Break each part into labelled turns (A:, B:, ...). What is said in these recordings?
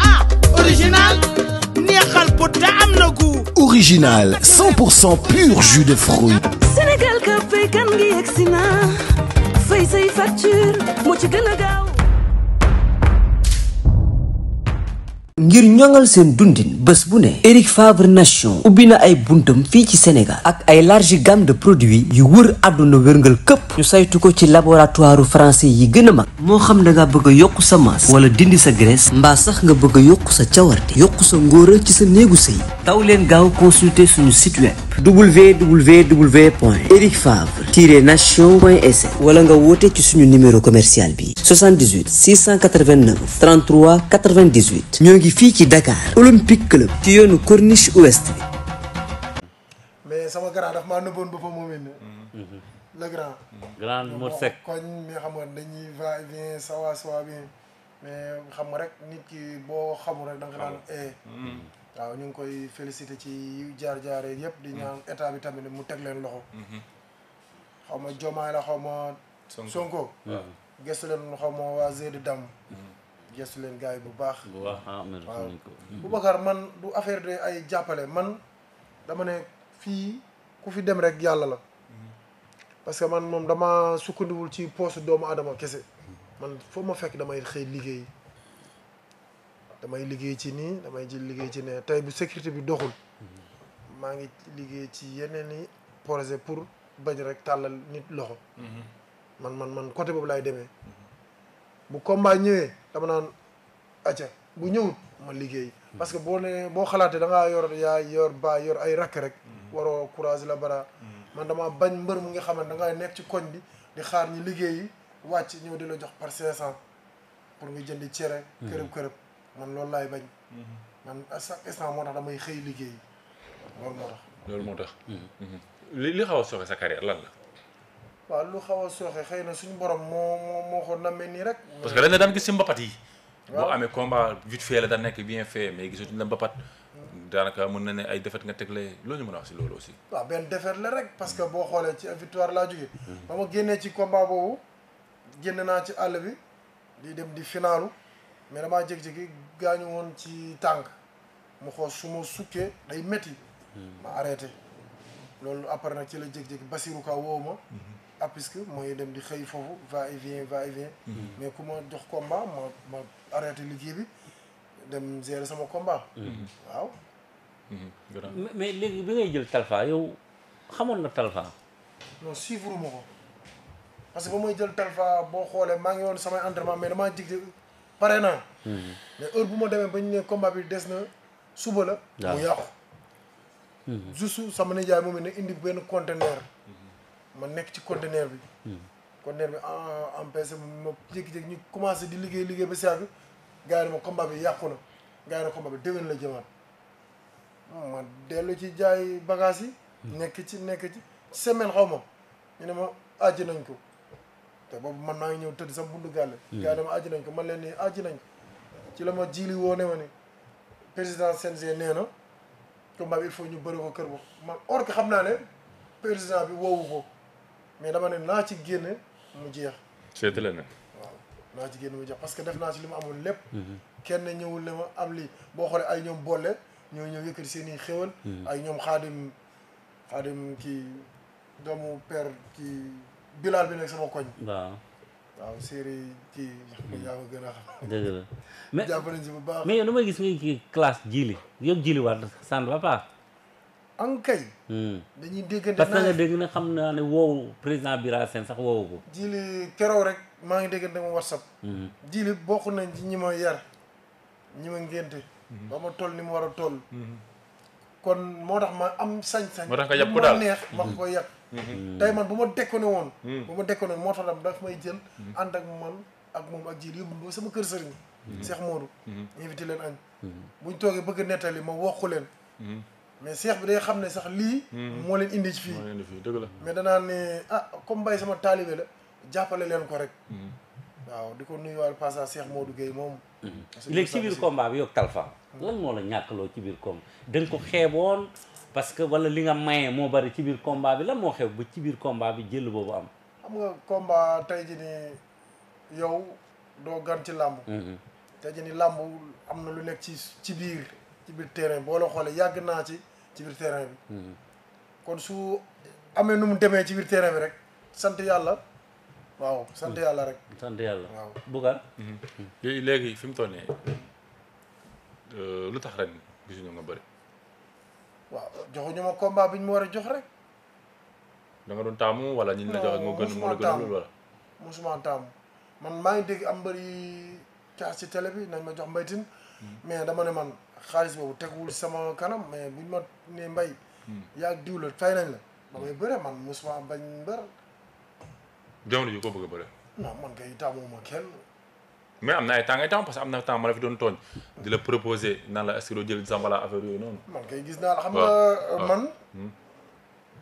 A: Ah, original neexal bu te am na
B: original pur jus de fruits
C: Sénégal ka fay kan gi yegsi fay say facture a gaaw ngir ñoŋal seen dundin bés bu ne Eric Favre Nation ubbi na ay buntam fii ci Sénégal ak ay large gamme de produits yu wër àdduna wërngal këpp ñu saytu ko ci laboratoire français yi gën a mag moo xam da nga bëgg a yokk sa masse wala dindi sa graisse mbaa sax nga bëgg a yokk sa cawarte yokk sa ngóora ci sa néegu sëy daw leen gaaw consulter suñu site www point Eric Favre tiret nation point wala nga woote ci suñu numéro commercial bi 78 689 ñoo ngi fii ci Dakar Olympique Club ci yoonu Corniche Ouest bi mais sama
B: grand daf maa nëbboon ba fa moom mhm. it le grand grand koñ mais xam nga dañuy va et vient ça va ça rek nit ki bo xamul rek da nga daan waaw ñu ngi koy félicité ci jaar jaaree yëpp. di mm-hmm. ñaan état bi tamit mu teg leen loxo. Mm-hmm. xaw ma Jomaay la xaw ma. Sonko gëstu leen xaw ma waa Zédi Dam. Mm-hmm. gëstu leen gars bu baax. bu baax ah, man du affaire de ay jàppale man dama ne fii ku fi dem rek yàlla la. parce que man moom dama sukkandiwul ci poche doomu aadama kese man foo ma fekk damay xëy liggéey. damay liggéey ci nii damay ci liggéey ci ne tey bu sécurité bi doxul mhm. maa ngi liggéey ci yeneen i projet pour bañ rek tàllal nit loxo mhm. man man man côté boobu laay demee bu combat ñëwee dama naan acca bu ñëwut ma liggéey mhm. parce que boo ne boo xalaatee da ngaa yor yaay yor baay yor ay rakk rek waroo courage la bara man dama bañ mbër mu nga xam ne da nekk ci koñ bi di xaar ñi liggéey wàcc ñëw di la jox par cinq cent pour nga jëndi cere kërëb kërëb man loolu laay bañ. Mhm. man à chaque instant moo tax damay xëy liggéey loolu moo tax.
D: loolu moo tax. Mhm. Mhm. li li xaw a sooxe sa carrière lan la.
B: waaw lu xaw a sooxe xëy na suñu borom moo moo moo na nammee nii rek.
D: parce que dañ la daan gis si mbapat yi. waaw boo amee combat vite la daan nekk bien fait mais gisatuñ la mbapat. Mm. daanaka mën na ne ay défaite nga tegle loolu ñu mën a wax si loolu aussi.
B: waaw benn défaite la rek parce que mm. boo xoolee ci victoire laa jógee. Mm. ba ma génnee ci combat génn naa ci àll bi di dem di finaalu. mais damaa jékki-jékki gaañu woon ci tànk mu xool su ma sukkee day métti. ma arrêté loolu après nag ci la jékki-jékki Basirou Ka woo ma. Mhm. ah puisque mooy dem di xëy foofu va et vient va et vient. Mhm. mais ku ma jox combat ma ma arrêté liggéey bi dem gérer sama combat. Mhm. waaw.
E: mais léegi bi ngay jël Talfa yow xamoon na Talfa.
B: non suivre ma ko parce que ba may jël Talfa boo xoolee maa ngi woon samay entraînement mais damaa jig pare naa. Mhm. mais heure bu ma demee ba ñu ne combat bi des na suba la. mu yàqu. Mhm. juste sama nijaay moom ne indi benn conteneur. Mhm. ma nekk ci conteneur bi. conteneur bi en empêché ma jékki-jékki ñu commencé di liggéey liggéey ba saa bi gars yi ma combat bi yàqu na gars yi na bi déwén la jëmaat ma dellu ci jaay bagage yi. nekk ci nekk ci semaine xaw ma ñu ne ma àjj nañ ko. te boobu man maa ngi ñëw tëdd sama bundu gàlle gars dama aji nañ ko man leen ni aji nañ ko ci la ma jiili woo ne ma président CNG nee na combat bi il faut ñu bëri kër bo man or que xam naa ne président bi woowu ko mais dama ne naa ci génne mu jeex seetale na waaw naa ci génne mu jeex parce que def naa ci li ma amoon lépp hmm. kenn ñëwul ne ma am lii boo xoolee ay ñoom boole ñoo ñëw yëkkati seen i xéwal hmm. ay ñoom xaadim xaadim ki doomu père kii bilaal bi nekk sama koñ. waaw waaw séeréer kii yaa ma gën a xam. bu baax. mais
E: damay gis nga kii classe jiili yow jiili waat sànn ba paax. Hmm.
B: dañuy déggante parce que
E: nga na xam naa ne woowu président Bira seen sax woowu ko.
B: jiili keroog rek maa ngi déggante mu whatsapp. Hmm. jiili bokk nañ ci ñi ma yar ñi ma ngénte. Hmm. ba ma toll ni mu war a toll. kon moo tax ma am sañ-sañ. moo tax nga yab ko daal ma ko yab. Mm-hmm. tey man bu ma dekkoone woon mm. bu ma dekkoone woon moo tax daf may jën ànd ak man ak moom ak jil yóbbu ba sama kër sëriñ mm-hmm. Cheikh Modou mm-hmm. invité leen añ buñ toogee bëgg nettali ma waxu leen mais seex bi day xam ne sax lii moo leen indi ci fii dëgg la mais danaa ne ah comme Mbaye sama taalibe la jàppale leen ko rek waaw di ko nuyuwaal passage Cheikh Modou Gueye
E: moom léegi ci biir combat bi yokk Talfa lan moo la ñàkkaloo ci biir combat da ko xeeboon parce que wala li nga maye moo bari ci biir combat bi la moo xew ba ci biir combat bi jël boobu am.
B: xam nga komba tey jii nii yow doo gan ci làmb. Mhm. tey jii nii làmb am na lu nekk ci ci biir ci biir terrain boo la yàgg naa ci ci terrain bi.
E: Mhm.
B: su amee nu mu demee ci biir terrain bi rek sant yàlla. waaw sant yàlla rek.
D: Mhm. sant yàlla waaw léegi fi mu toll nii euh, lu tax ren gisuñu nga bëri.
B: waaw ñu ma combat bi ñu ma war a jox rek.
D: danga nga doon taamu wala ñu la jox moo gën moo la gën loolu wala.
B: musuma taamu man maa ngi dégg am mbër yi caas ci télé bi nañ ma jox mbaytin hmm. mais dama ne man xaalis boobu teguwul sama kanam mais buñ ma ne mbay. Hmm. yaa diw la nañ la. damay bëre man musuma bañ mbër.
D: jamono ji ko bëgg a bëre.
B: non man kay taamu ma kenn.
D: mais am na ay temps ngay temps parce que am na temps ma la fi doon tooñ di la proposer naan la est doo jël sambala affaire yooyu noonu
B: man kay gis naa xam na euh, man hmm.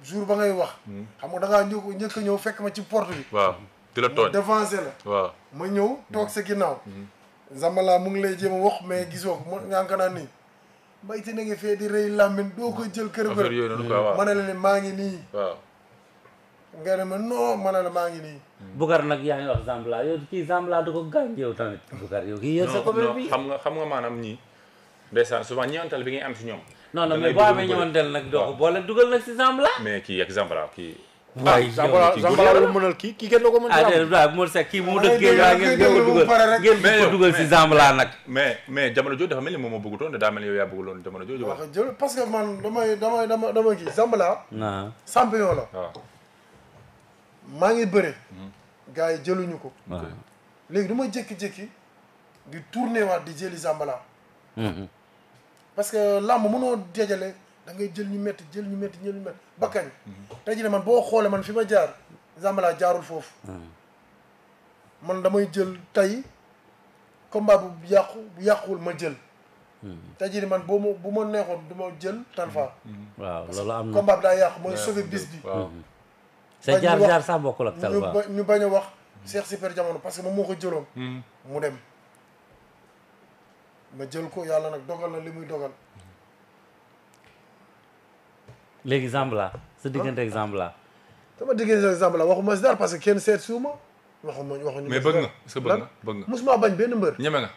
B: jour ba ngay wax hmm. xam nga da ngaa ñëw ñëkk ñëw fekk ma ci porte bi waaw di la tooñ dévancé la waaw ma ñëw toog sa ginnaaw hmm. mu ngi lay jéem a wax mais gisoo ko mu ñànk naa nii mbayti na ngi fee di rëy làmmin doo ko jël kër kër ma ne la ne maa ngi nii waaw nga ne ma non
D: ma ne la maa ngi nii
E: Boucar nag yaa ngi wax Zambala yow kii Zambala du ko gaañ tamit kii yor sa commune bi
D: xam nga maanaam ñii ndeysaan souvent ñëwantal bi ngay am si ñoom non non mais boo amee ñëwantal nag doo ko boole dugal nag si Zambala mais kii ak Zambala kii
E: waay ah,
A: kii kii kenn doo ko ah,
D: kii mu
E: dëkkee waa ngeen ngeen ko dugal
A: ngeen ko dugal
D: si Zambala nag mais mais jamono jooju dafa mel ni moom moo bëggutoon daa mel ni yow yaa bëgguloon jamono jooju wax parce que man damay damay damay damay kii ah.
B: maa ngi bëre hmm. gars yi jëluñu ko. léegi du ma jékki-jékki di tourner waat di jëli Zambala. Mhm. parce que làmb mënoo dajale da ngay jël ñu métti jël ñu métti jël ñu métti ba kañ. Ah. Mhm. tey jii man boo xoolee man fi ma jaar Zambala jaarul foofu. man damay jël tey combat bu yàqu bu yàquwul ma jël. Mhm. tey jii man boo ma bu ma neexoon du ma jël Talfa.
E: waaw daa yàqu mooy sauver bis bi. sa jaar jaar sax bokkul ak tal ba
B: ñu bañ a wax Cheikh Super Jamono parce que moom moo ko jëloon hmm. mu dem ma jël ko yàlla nag dogal na li muy dogal
E: léegi Zambala sa diggante ak Zambala
B: sama diggante ak Zambala waxuma si dara parce que kenn seet suuma waxuma waxuñu mais bëgg nga sa bëgg nga
D: bëgg nga mosuma bañ benn mbër ñeme nga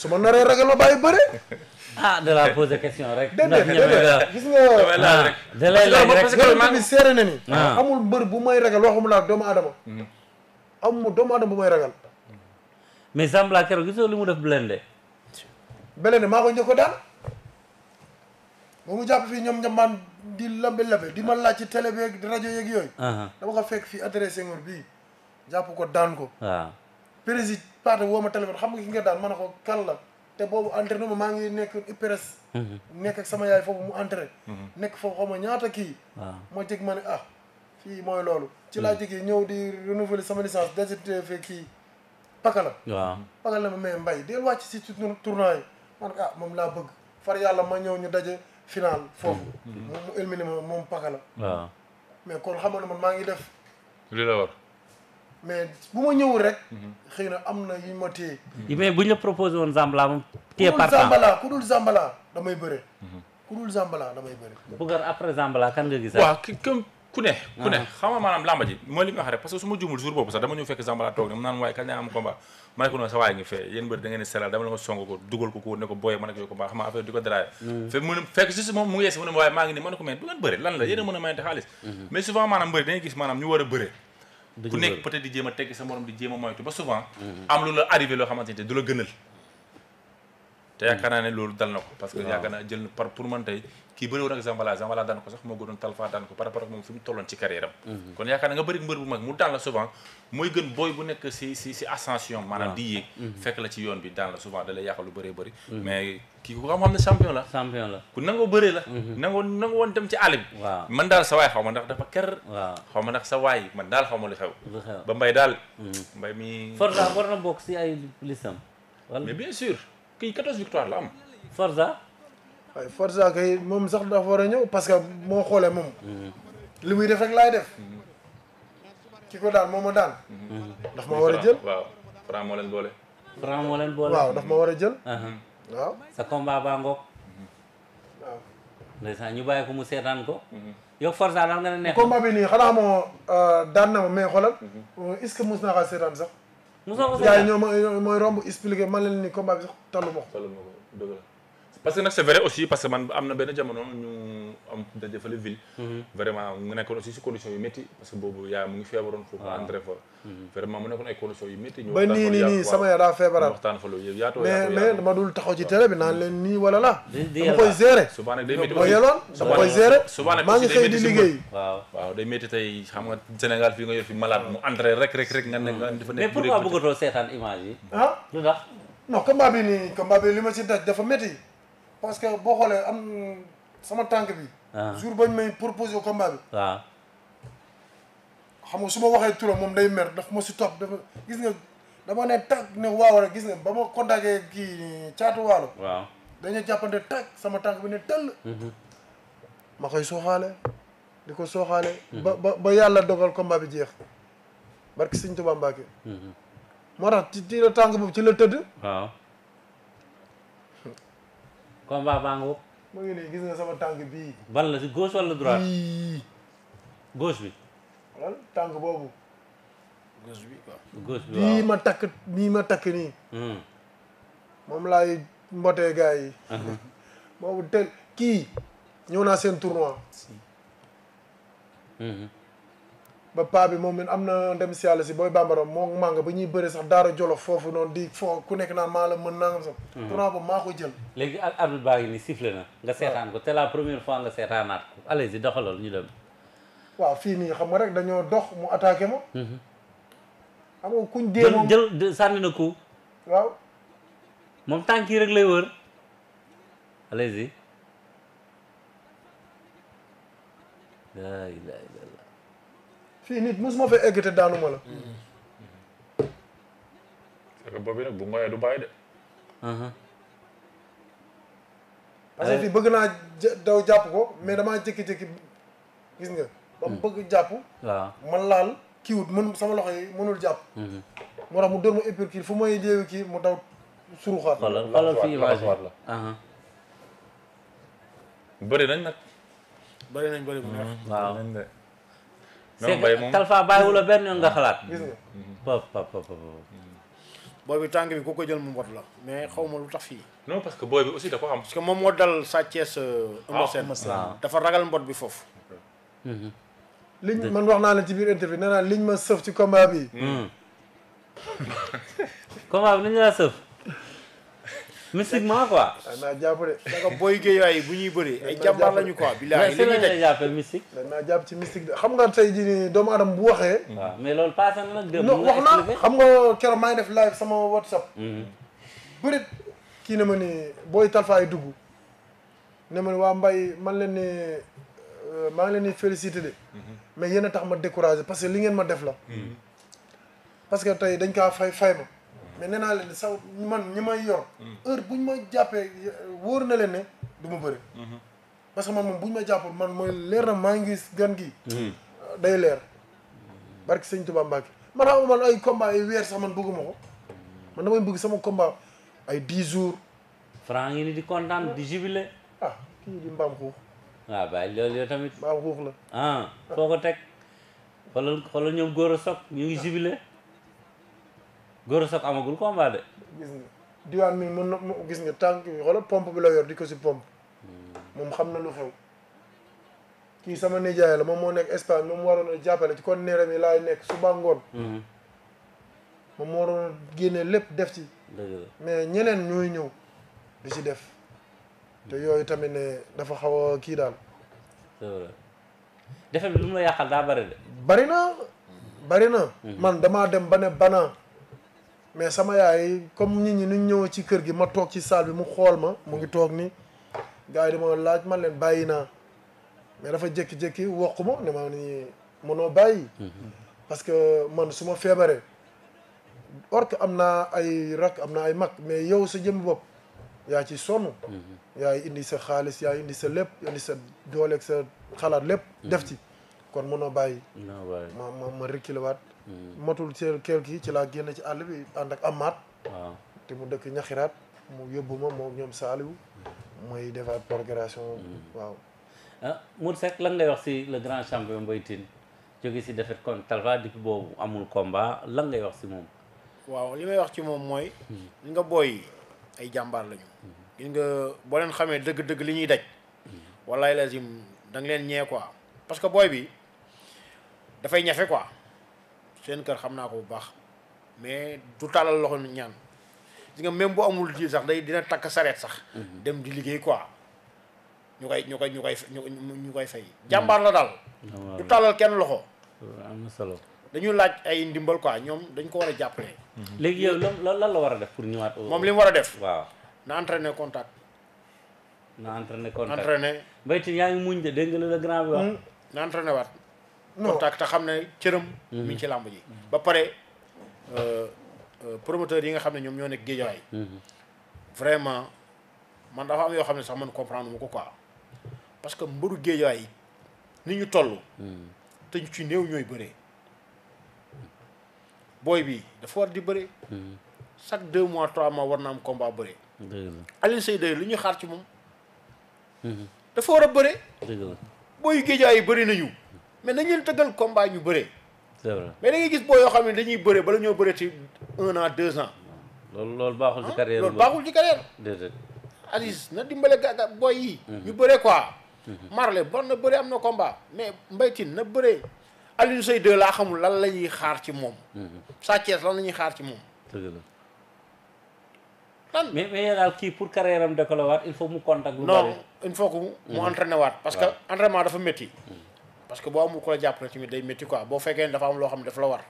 D: su ma naree ragal ma bàyyi bëre
E: ah de la poser question rek.
D: ndax
E: gis nga. da lay laaj rek parce que loolu tamit seere na ni. Ah.
B: amul mbër bu may ragal waxuma laa doomu aadama. Hmm. amul doomu aadama bu may ragal.
E: mais Zambala keroog gis nga li mu def Blende. Blende maa ko njëkk a daal.
B: ba mu jàpp fii ñoom ñoom man di labe labe di ma laaj ci télé beeg rajo yeeg yooyu. Ah. dama ko fekk fii adressé bii jàpp ko daan ko. waaw ah. président Pate woo ma téléphone xam nga ki nga daan ma ne ko kan te boobu entraîné ma maa ngi nekk IPRES. Mhm. nekk sama yaay foofu mu entraîné. Mhm. nekk foofu xaw ma ñaata kii. ma jég ma ne ah fii mooy loolu. ci laa mhm. jege ñëw di renouveler sama licence desit fee kii Pakala. waaw Pakala ma mais Mbaye del wàcc si ci yi ma ah moom laa bëgg far yàlla ma ñëw ñu daje final foofu. moom mu éliminé mais kon xam nga man maa ngi def. li la war. mais bu ma ñëw rek. xëy na am na yu ma téye.
E: Mm-hmm. mais bu ñu la proposé woon Zambala moom. téye par temps
B: ku dul Zambala damay bëre. ku dul Zambala damay bëre.
D: Bougar après Zambala kan nga gis. waaw comme ku ne. ku ne ah. xam nga maanaam lamba su ma juumul jour boobu sax dama mu waaye kañ la am combat ko noonu sa ngeen di selal la ko ne ko booyee ma nga mm. nii ma ko mais du ngeen bëri lan la yéen a mën a mayante xaalis mm-hmm. mais souvent maanaam bëri dañuy gis maanaam ñu war a bër ku nekk peut-être di jéem a tekki sa morom di jéem a moytu ba souvent. am lu la arrivé loo xamante ni du la gënal. te yaakaar naa ne loolu dal na ko. parce que yaakaar naa jël par pour man tey kii bëriwul ak Zambala Zambala daan ko sax moo gënoon Talfa daan ko par rapport moom fi tolloon ci carrière am mhm. kon yaakaar na nga bëri mbër bu mag mu daan la souvent mooy gën booy bu nekk si si si ascension di yéeg mhm. fekk la ci yoon bi daan la souvent da lay yàq lu bëree bëri mhm. mais kii ku xam xam ne champion la champion la ku nangoo bëree la nangoo nangoo woon dem ci àll bi man daal sa waay xaw ma ndax dafa ker xaw ma ndax sa waay man ma lu xew ba mbay daal mbay mi Forza war na waaye Forza kay moom
B: sax dafa war a ñëw parce que moo xoolee moom. li muy def rek laay def.
E: ki ko daan moo ma daan.
D: daf ma war a jël waaw Franc moo leen boole. Franc
E: waaw daf ma war a jël. waaw sa combat baa ngoog. waaw. ndeysaan ñu bàyyi mu seetaan ko. Mhm. yow Forza lan nga ne neex. combat bi nii xanaa
B: moo euh, daan na ma mais xoolal. Mhm. Euh, est-ce que mos naa kaa seetaan sax. mosoo man leen ni combat bi sax tallu ma
D: parce que nag c'est vrai aussi parce que man am na benn jamono ñu am ville. Mhm. vraiment mu nekkoon aussi si conditions yu parce que boobu yaa mu ngi feebaroon foofu entré ah. fa. Mhm. vraiment mu nekkoon ay conditions yu métti. ñu sama yaa daa feebaral
B: dul taxaw ci télé bi naan leen nii wala la. dama koy gérer. souvent nag day métti
D: mooy xam nga Sénégal fii nga yor fi malade mu entré rek rek nga nekk dafa nekk. mais pourquoi bëggatoo seetaan image yi. ah lu
B: tax non parce que boo xoolee am sama tànk bi. Ah. jour bañ may proposé combat bi. waaw. Ah. xam nga su ma waxee turam moom day mer daf ma si topp dafa gis nga dama ne tàkk ne waaw rek gis nga ba ma contacté kii caatu waalo. waaw dañoo jàppante sama tànk bi ne tëll.
E: Mm-hmm.
B: koy sooxaale di ko sooxaale. Mm-hmm. ba ba ba yàlla dogal combat bi jeex. barki Sëñ Tuubaa Mbàkke. Mm-hmm. moo tax ci ci tànk boobu ci la tëdd.
E: waaw. combat baa nga wopp
B: mu ngi nii gis nga sama tànk bii
E: ban la si gauche wala droite gauche bi
B: wala tànk boobu
E: gauche bi bii
B: ma takk bii ma takk nii hmm. moom laay mbotee gars yi uh-huh. boobu tel kii ñëw naa seen tournoi hmm. ba paa bi moom min am na ndem si yàlla si booy bambara moo mànga ba ñuy bëri sax daara jolo foofu noonu di foo ku nekk naa
E: maa la mën nangam sax tournant mhm. ba maa ko jël léegi ak arbitre baa ngi ni sifflé na nga seetaan ko te la première fois nga seetaanaat ko allez y doxalal ñu dem
B: waaw fii nii xam nga rek dañoo dox mu attaqué ma mhm. xam nga kuñ dee
E: jël sànni na ko waaw moom tànk rek lay wër allez fii nit mosuma
B: fa egg te daanuma la.
D: parce que boobu du bàyyi de.
E: Uh-huh.
B: bëgg naa daw jàpp ko mais damaa jékki-jékki gis nga. ba mu hmm. bëgg jàpp. waaw ma laal kii wut mën sama loxo yi mënul jàpp. Uh-huh. moo tax mu dóor ma épicure fu may jéewi kii mu daw
E: suruxaat. la la uh-huh.
D: la
A: nañ nag. bëri nañ
D: bëri bu neex. waaw. non Talfa
A: bàyyiwu la benn yoon nga mm. xalaat. gis nga
E: pop pop
D: mm.
A: bi tàng bi ko jël mu mbot la mais xaw ma lu tax fii. non parce que booy bi aussi da am. parce que moom moo dal sa Thiès. waaw euh, ah, ah. ragal mbot bi foofu.
E: Mhm.
B: liñ man wax naa la ci biir interview nee naa
E: liñ ma sëf ci combat bi. Mm. combat mystique maa quoi.
A: naa jàpp de. naka booy géeyaay bu ñuy bëri ay jàmbaar lañu quoi. bilaay li ñuy teg
E: jàppee mystique.
B: naa jàpp ci mystique de xam nga tey jii nii doomu aadama bu waxee. waaw
E: mais loolu passé na nag. non wax naa xam
B: nga keroog maa def live sama whatsapp. Mhm. bëri kii na ma ni booy talfaay dugg ne ma ni waa mbay man leen euh, maa ngi leen di félicité de. Mhm. mais yéen a tax ma découragé parce que li ngeen ma def la. Mhm. parce que tey dañ ka fay fay ma. mais nee naa leen saw man ñi may yor. heure bu ma jàppee wóor na leen ne du ma bëri. parce que man moom buñ ma jàppoon man mooy leer na maa ngi gan gi. day leer barki sëñ Tuubaa Mbàkke man xam man ay combat ay weer sax man bëgguma ko man damay bëgg sama combat
E: ay di jours. franc ngi ni di kontaan di jubilé.
B: ah kii di mbaam xuux.
E: waaw bàyyi loolu yow tamit. mbaam xuux la. ah foo ko teg xoolal xoolal ñoom góor a soog ñu ngi jubilé. Gora sax amagul combat de.
B: gis nga diwaan mi mën na gis nga tànk bi xoolal pompe bi la yor di ko si pompe. Hmm. moom xam na lu xew. kii sama nijaay la moom moo nekk Espagne moom waroon a jàppale ci kon neeram yi laay nekk suba ngoon. Hmm. moom génne lépp def ci. mais ñeneen ñooy ñëw du ci def. te yooyu tamit ne dafa xaw a kii daal.
E: c'est vrai defe bi lu mu la yàqal daa bari de.
B: bari na bari na. Hmm. man damaa dem ba ne banaa. mais sama yaay comme nit ñi nuñ ñëw ci kër gi ma toog ci saal bi mu xool ma mu ngi toog ni gars yi dama laaj man leen bàyyi naa mais dafa jékki-jékki woq ma ne ma ni mënoo bàyyi parce que man su ma feebaree or que am naa ay rak am naa ay mag mais yow sa jëm bopp yaa ci sonn mhm. yaay indi sa xaalis yaay indi sa lépp indi sa dooleeg sa xalaat lépp def ci kon mënoo bàyyi.
E: ma
B: ma ma reculer waat. Hmm. matul seen kër gi ci laa génn ci àll bi ànd ak amaat. waaw te mu dëkk ñaxiraat mu yóbbu ma moom ñoom Saliou. mooy hmm. defaat progression. Hmm. waaw.
E: ah Modou lan ngay wax si la grand champion Mbaye Tine jóge si defet kon Talfa depuis boobu amul combat lan ngay wax si moom.
A: waaw li may wax ci moom mooy. li nga booy ay jàmbaar lañu. nga boo leen xamee dëgg-dëgg li ñuy daj. walaay lazim da leen ñee quoi parce que booy bi. dafay ñafe quoi seen kër xam naa ko bu baax mais du tàllal loxo ñaan gis nga même bu amul ji sax day dina takk sareet sax. Mhm. dem di liggéey quoi ñu koy ñu koy ñu koy ñu koy fay. Mhm. jàmbaar la daal. Ah, du kenn loxo. am na solo. dañu laaj ay ndimbal quoi ñoom dañ ko war a jàppale.
E: Mhm. léegi yow la lan la war a def pour ñëwaat. moom li
A: mu war a def. waaw na entraîner contact. na entraîner contact entraîner. Mbaye Tine yaa ngi muñ de dégg nga la grand bi wax. Hmm? na entraîner waat. contact te xam ne cëram mi ngi ci làmb ji mm-hmm. ba pare euh, euh, promoteur yi nga xam ne ñoom ñoo nekk géejawaay mm-hmm. vraiment man dafa am yoo xam ne sax man comprendre mu ko quoi parce que mbëru géejawaay yi ni ñu toll mm-hmm. te ñu ci néew ñooy bëree booy bii dafa war di bëree chaque deux mois trois mois war na am combat bëree Alioune Seye day lu ñuy xaar ci moom dafa war a bëree booyu géejawaay yi bëri nañu mais nañ leen tëggal combat ñu bëree. mais na ngay gis boo yoo xam ne dañuy bëree bala ñoo bëree ci un an deux ans. loolu loolu baaxul ci ah, carrière loolu baaxul ci carrière. déedéet. Aziz na dimbale ga boy yi. Mhm. ñu bëree quoi. Mhm. Marley bon na bëree am na combat mais Mbaye Tine na bëree. Alioune Seye xamul lan la ñuy xaar ci moom. Mhm. Sa Thiès la ñuy xaar ci moom. dëgg mais mais daal kii pour carrière am décoller waat il faut mu contact. lu bëri non il faut que mu entraîné waat. parce que entraînement dafa métti. parce que boo amul ku la jàppale tamit day métti quoi boo fekkee ne dafa am loo xam ne dafa la war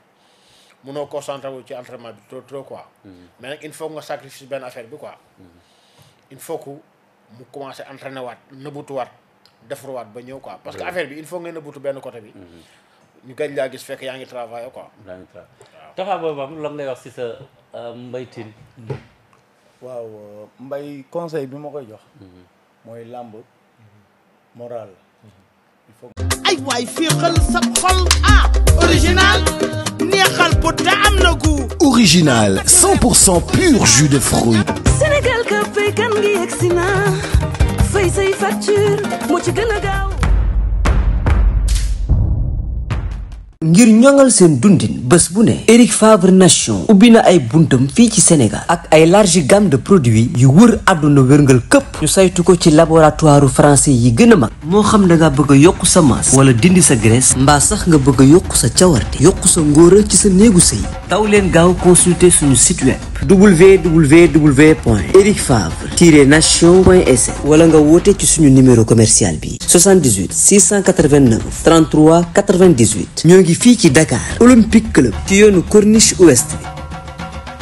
A: munoo concentré wu ci entraînement bi trop trop quoi. Mm-hmm. mais nag il faut nga sacrifice benn affaire bi quoi. Mm-hmm. il faut que mu commencé entraîné waat nëbbutuwaat defaruwaat ba ñëw quoi. parce que affaire bi il faut nga nëbbutu benn côté bi. Mm-hmm. ñu gëj laa gis fekk yaa ngi travaillé quoi.
E: yaa ngi travaillé Tapha Boy Bambou lan ngay wax si sa euh, mbay Tine.
A: waaw euh, Mbaye conseil bi ma koy jox. mooy làmb moral. Ah, original
C: neexal bu te am na
B: original pur jus de fruits
C: Sénégal ka fay kan gi yegsi na fay facture a gaaw ngir ñoŋal seen dundin bés bu ne Eric Favre Nation ubbi na ay buntam fii ci Sénégal ak ay large gamme de produits yu wër àdduna wërngal këpp ñu saytu ko ci laboratoire français yi gën a mag moo xam da nga bëgg a yokk sa masse wala dindi sa graisse mbaa sax nga bëgg yokk sa cawarte yokk sa ngóora ci sa néegu sëy taw leen gaaw consulter suñu site web www.ericfavre-nation.sn e wala nga woote ci suñu numéro commercial bi 78 689 33 fii ci Dakar Olympique Club ci yoonu Corniche Ouest bi